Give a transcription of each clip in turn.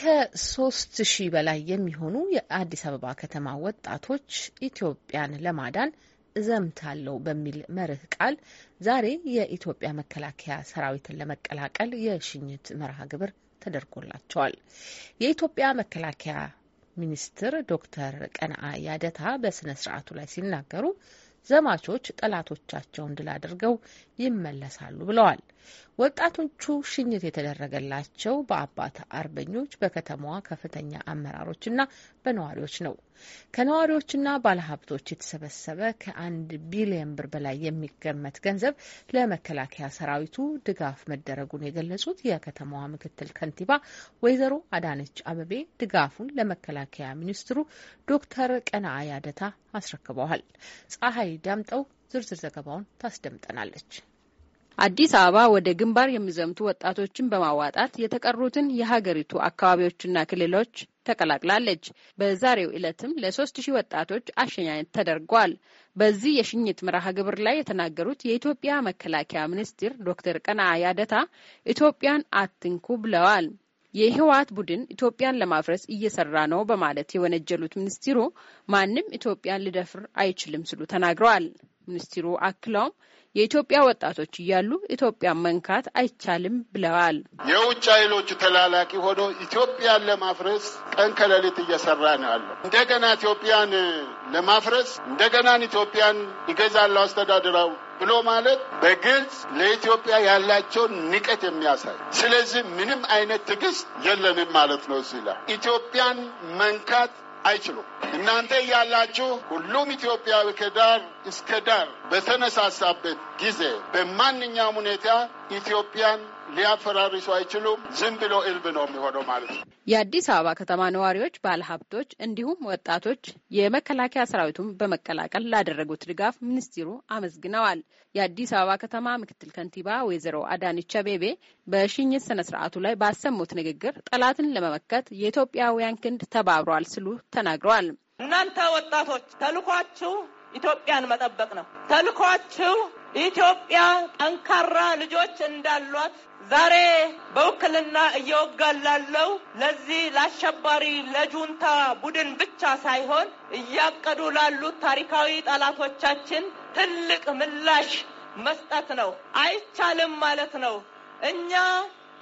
ከሶስት ሺህ በላይ የሚሆኑ የአዲስ አበባ ከተማ ወጣቶች ኢትዮጵያን ለማዳን እዘምታለሁ በሚል መርህ ቃል ዛሬ የኢትዮጵያ መከላከያ ሰራዊትን ለመቀላቀል የሽኝት መርሃ ግብር ተደርጎላቸዋል። የኢትዮጵያ መከላከያ ሚኒስትር ዶክተር ቀነአ ያደታ በስነ ስርዓቱ ላይ ሲናገሩ ዘማቾች ጠላቶቻቸውን ድል አድርገው ይመለሳሉ ብለዋል። ወጣቶቹ ሽኝት የተደረገላቸው በአባት አርበኞች፣ በከተማዋ ከፍተኛ አመራሮችና በነዋሪዎች ነው። ከነዋሪዎችና ባለሀብቶች የተሰበሰበ ከአንድ ቢሊየን ብር በላይ የሚገመት ገንዘብ ለመከላከያ ሰራዊቱ ድጋፍ መደረጉን የገለጹት የከተማዋ ምክትል ከንቲባ ወይዘሮ አዳነች አበቤ ድጋፉን ለመከላከያ ሚኒስትሩ ዶክተር ቀናአያደታ ያደታ አስረክበዋል። ፀሐይ ዳምጠው ዝርዝር ዘገባውን ታስደምጠናለች። አዲስ አበባ ወደ ግንባር የሚዘምቱ ወጣቶችን በማዋጣት የተቀሩትን የሀገሪቱ አካባቢዎችና ክልሎች ተቀላቅላለች። በዛሬው ዕለትም ለሶስት ሺህ ወጣቶች አሸኛኘት ተደርጓል። በዚህ የሽኝት መርሃ ግብር ላይ የተናገሩት የኢትዮጵያ መከላከያ ሚኒስትር ዶክተር ቀና ያደታ ኢትዮጵያን አትንኩ ብለዋል። የህወሓት ቡድን ኢትዮጵያን ለማፍረስ እየሰራ ነው በማለት የወነጀሉት ሚኒስትሩ ማንም ኢትዮጵያን ሊደፍር አይችልም ሲሉ ተናግረዋል። ሚኒስትሩ አክለውም የኢትዮጵያ ወጣቶች እያሉ ኢትዮጵያን መንካት አይቻልም ብለዋል። የውጭ ኃይሎች ተላላቂ ሆኖ ኢትዮጵያን ለማፍረስ ቀን ከሌሊት እየሰራ ነው ያለው። እንደገና ኢትዮጵያን ለማፍረስ እንደገናን ኢትዮጵያን ይገዛለው አስተዳድራው ብሎ ማለት በግልጽ ለኢትዮጵያ ያላቸውን ንቀት የሚያሳይ ስለዚህ ምንም አይነት ትዕግስት የለንም ማለት ነው ሲላ ኢትዮጵያን መንካት አይችሉም። እናንተ እያላችሁ ሁሉም ኢትዮጵያዊ ከዳር እስከ ዳር በተነሳሳበት ጊዜ በማንኛውም ሁኔታ ኢትዮጵያን ሊያፈራርሱ አይችሉም። ዝም ብሎ እልብ ነው የሚሆነው ማለት ነው። የአዲስ አበባ ከተማ ነዋሪዎች፣ ባለሀብቶች እንዲሁም ወጣቶች የመከላከያ ሰራዊቱን በመቀላቀል ላደረጉት ድጋፍ ሚኒስትሩ አመስግነዋል። የአዲስ አበባ ከተማ ምክትል ከንቲባ ወይዘሮ አዳነች አቤቤ በሽኝት ስነ ስርዓቱ ላይ ባሰሙት ንግግር ጠላትን ለመመከት የኢትዮጵያውያን ክንድ ተባብረዋል ስሉ ተናግረዋል። እናንተ ወጣቶች ተልኳችሁ ኢትዮጵያን መጠበቅ ነው። ተልኳችሁ ኢትዮጵያ ጠንካራ ልጆች እንዳሏት ዛሬ በውክልና እየወጋ ላለው ለዚህ ለአሸባሪ ለጁንታ ቡድን ብቻ ሳይሆን እያቀዱ ላሉት ታሪካዊ ጠላቶቻችን ትልቅ ምላሽ መስጠት ነው። አይቻልም ማለት ነው። እኛ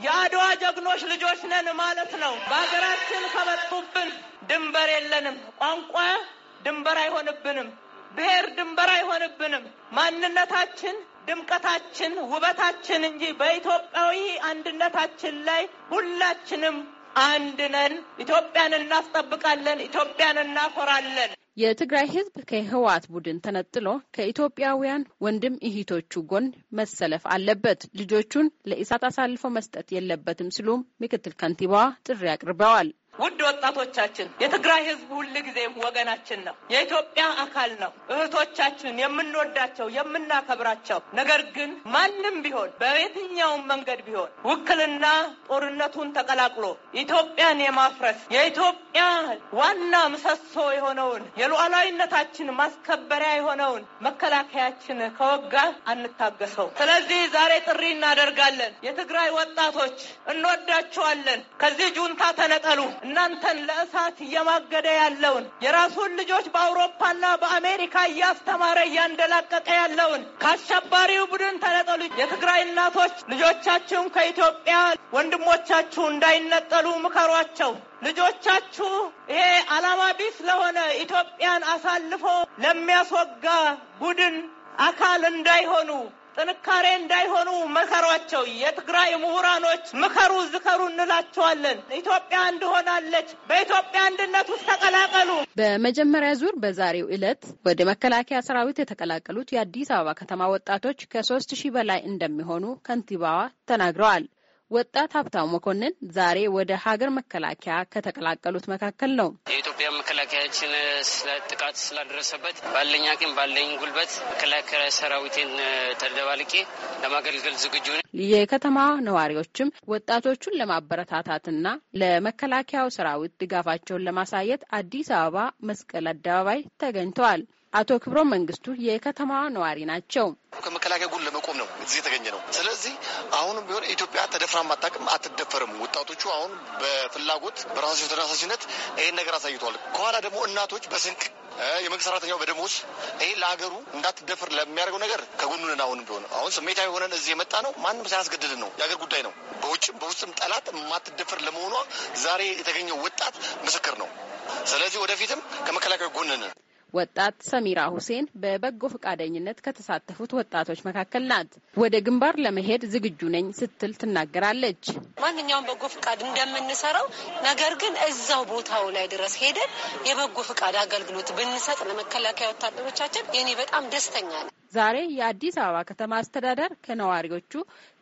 የአድዋ ጀግኖች ልጆች ነን ማለት ነው። በሀገራችን ከመጡብን ድንበር የለንም። ቋንቋ ድንበር አይሆንብንም። ብሔር ድንበር አይሆንብንም። ማንነታችን፣ ድምቀታችን፣ ውበታችን እንጂ በኢትዮጵያዊ አንድነታችን ላይ ሁላችንም አንድ ነን። ኢትዮጵያን እናስጠብቃለን። ኢትዮጵያን እናኮራለን። የትግራይ ሕዝብ ከህወሓት ቡድን ተነጥሎ ከኢትዮጵያውያን ወንድም እህቶቹ ጎን መሰለፍ አለበት፣ ልጆቹን ለእሳት አሳልፎ መስጠት የለበትም ሲሉም ምክትል ከንቲባዋ ጥሪ አቅርበዋል። ውድ ወጣቶቻችን፣ የትግራይ ህዝብ ጊዜ ወገናችን ነው፣ የኢትዮጵያ አካል ነው። እህቶቻችን የምንወዳቸው የምናከብራቸው፣ ነገር ግን ማንም ቢሆን በየትኛውም መንገድ ቢሆን ውክልና ጦርነቱን ተቀላቅሎ ኢትዮጵያን የማፍረስ የኢትዮጵያ ዋና ምሰሶ የሆነውን የሉዓላዊነታችን ማስከበሪያ የሆነውን መከላከያችን ከወጋ አንታገሰው። ስለዚህ ዛሬ ጥሪ እናደርጋለን። የትግራይ ወጣቶች እንወዳችኋለን። ከዚህ ጁንታ ተነጠሉ። እናንተን ለእሳት እየማገደ ያለውን የራሱን ልጆች በአውሮፓና በአሜሪካ እያስተማረ እያንደላቀቀ ያለውን ከአሸባሪው ቡድን ተነጠሉ። የትግራይ እናቶች ልጆቻችሁን ከኢትዮጵያ ወንድሞቻችሁ እንዳይነጠሉ ምከሯቸው። ልጆቻችሁ ይሄ ዓላማ ቢስ ለሆነ ኢትዮጵያን አሳልፎ ለሚያስወጋ ቡድን አካል እንዳይሆኑ ጥንካሬ እንዳይሆኑ መከሯቸው። የትግራይ ምሁራኖች ምከሩ፣ ዝከሩ እንላቸዋለን። ኢትዮጵያ እንድሆናለች በኢትዮጵያ አንድነት ውስጥ ተቀላቀሉ። በመጀመሪያ ዙር በዛሬው ዕለት ወደ መከላከያ ሰራዊት የተቀላቀሉት የአዲስ አበባ ከተማ ወጣቶች ከሶስት ሺህ በላይ እንደሚሆኑ ከንቲባዋ ተናግረዋል። ወጣት ሀብታው መኮንን ዛሬ ወደ ሀገር መከላከያ ከተቀላቀሉት መካከል ነው። የኢትዮጵያ መከላከያችን ጥቃት ስላደረሰበት ባለኝ አቅም ባለኝ ጉልበት መከላከያ ሰራዊቴን ተደባልቄ ለማገልገል ዝግጁ ነኝ። የከተማ ነዋሪዎችም ወጣቶቹን ለማበረታታትና ለመከላከያው ሰራዊት ድጋፋቸውን ለማሳየት አዲስ አበባ መስቀል አደባባይ ተገኝተዋል። አቶ ክብሮም መንግስቱ የከተማዋ ነዋሪ ናቸው። ከመከላከያ ጎን ለመቆም ነው እዚህ የተገኘ ነው። ስለዚህ አሁንም ቢሆን ኢትዮጵያ ተደፍራ አታውቅም፣ አትደፈርም። ወጣቶቹ አሁን በፍላጎት በራሳቸው ተነሳሽነት ይህን ነገር አሳይተዋል። ከኋላ ደግሞ እናቶች በስንቅ የመንግስት ሰራተኛው በደሞዝ ይህ ለሀገሩ እንዳትደፍር ለሚያደርገው ነገር ከጎኑንን አሁን ቢሆን አሁን ስሜታዊ የሆነን እዚህ የመጣ ነው። ማንም ሳያስገድድን ነው። የሀገር ጉዳይ ነው። በውጭም በውስጥም ጠላት የማትደፍር ለመሆኗ ዛሬ የተገኘው ወጣት ምስክር ነው። ስለዚህ ወደፊትም ከመከላከያ ጎንንን ወጣት ሰሚራ ሁሴን በበጎ ፈቃደኝነት ከተሳተፉት ወጣቶች መካከል ናት። ወደ ግንባር ለመሄድ ዝግጁ ነኝ ስትል ትናገራለች። ማንኛውም በጎ ፈቃድ እንደምንሰራው ነገር ግን እዛው ቦታው ላይ ድረስ ሄደን የበጎ ፈቃድ አገልግሎት ብንሰጥ ለመከላከያ ወታደሮቻችን የኔ በጣም ደስተኛ ነው። ዛሬ የአዲስ አበባ ከተማ አስተዳደር ከነዋሪዎቹ፣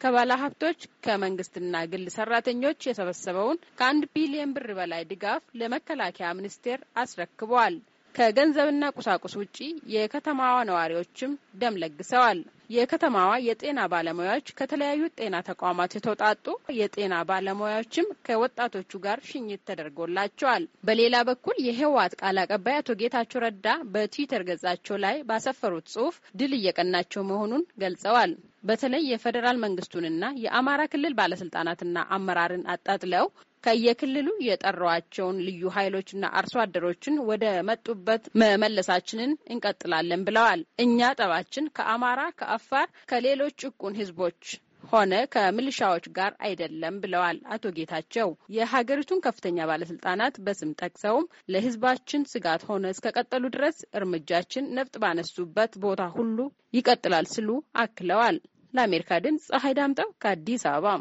ከባለሀብቶች፣ ከመንግስትና ግል ሰራተኞች የሰበሰበውን ከአንድ ቢሊየን ብር በላይ ድጋፍ ለመከላከያ ሚኒስቴር አስረክበዋል። ከገንዘብና ቁሳቁስ ውጪ የከተማዋ ነዋሪዎችም ደም ለግሰዋል። የከተማዋ የጤና ባለሙያዎች ከተለያዩ ጤና ተቋማት የተውጣጡ የጤና ባለሙያዎችም ከወጣቶቹ ጋር ሽኝት ተደርጎላቸዋል። በሌላ በኩል የህወሓት ቃል አቀባይ አቶ ጌታቸው ረዳ በትዊተር ገጻቸው ላይ ባሰፈሩት ጽሁፍ ድል እየቀናቸው መሆኑን ገልጸዋል። በተለይ የፌዴራል መንግስቱንና የአማራ ክልል ባለስልጣናትና አመራርን አጣጥለው ከየክልሉ የጠሯቸውን ልዩ ኃይሎችና አርሶ አደሮችን ወደ መጡበት መመለሳችንን እንቀጥላለን ብለዋል። እኛ ጠባችን ከአማራ፣ ከአፋር፣ ከሌሎች ጭቁን ህዝቦች ሆነ ከምልሻዎች ጋር አይደለም ብለዋል አቶ ጌታቸው። የሀገሪቱን ከፍተኛ ባለስልጣናት በስም ጠቅሰውም ለህዝባችን ስጋት ሆነ እስከቀጠሉ ድረስ እርምጃችን ነፍጥ ባነሱበት ቦታ ሁሉ ይቀጥላል ሲሉ አክለዋል። ለአሜሪካ ድምፅ ፀሐይ ዳምጠው ከአዲስ አበባ